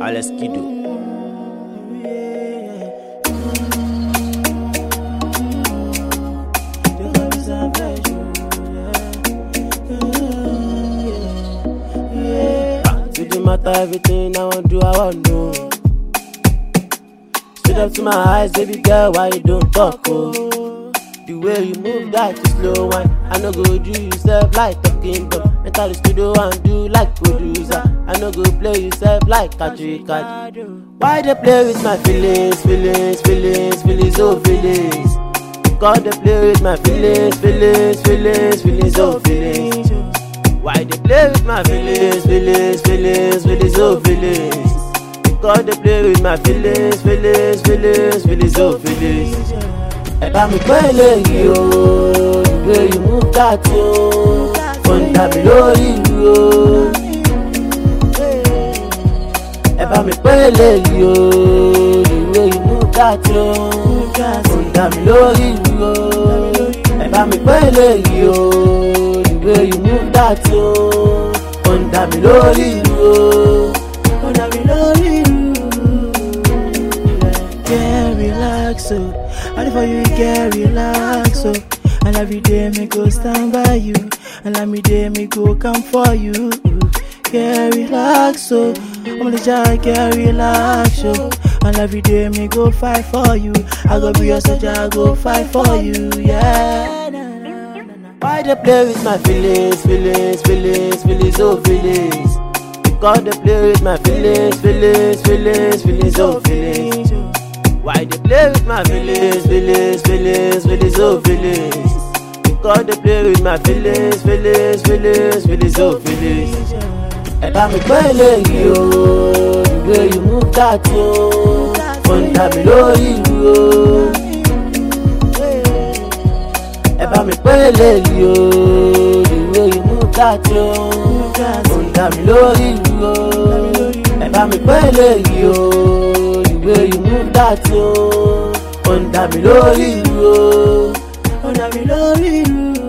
To Kido. matter everything I want to do, I want to Straight up to my eyes, baby girl, why you don't talk? Oh, the way you move that is slow one. I know go do yourself like talking, but mental studio and do like producer. I no go play yourself like Katri Kat. Why they play with my feelings, feelings, feelings, feelings, oh feelings? God they play with my feelings, feelings, feelings, feelings, oh feelings. Why they play with my feelings, feelings, feelings, feelings, oh feelings? God they play with my feelings, feelings, feelings, feelings, oh feelings. Ẹ bá mi pẹ́ eléyìí o, the way you move that o, fọ́nà mi lórí ìlú o. bá mi pé eléyìí o ìwé inú dàtí o kò dà mí lórí ìlú o ẹ bá mi pé eléyìí o ìwé inú dàtí o kò dà mí lórí ìlú o kò dà mí lórí ìlú. Get relax oh. I for you get relax o, oh. and every day me go stand by you, and every day me go come for you. Carry relax, so I'm only I carry relax, so And every day me go fight for you I go be your soldier, I go fight for you, yeah Why they play with my feelings, feelings, feelings, feelings, oh feelings Because they play with my feelings, feelings, feelings, feelings, oh feelings Why they play with my feelings, feelings, feelings, feelings, oh feelings Because they play with my feelings, feelings, feelings, feelings, oh feelings ẹ bá mi gbọ́ eléyìí o ìwé ìmú káàtì o fọ̀ǹdà mi lórí ìlú o ẹ bá mi gbọ́ eléyìí o ìwé ìmú káàtì o fọ̀ǹdà mi lórí ìlú o ẹ bá mi gbọ́ eléyìí o ìwé ìmú káàtì o fọ̀ǹdà mi lórí ìlú o fọ̀ǹdà mi lórí ìlú o.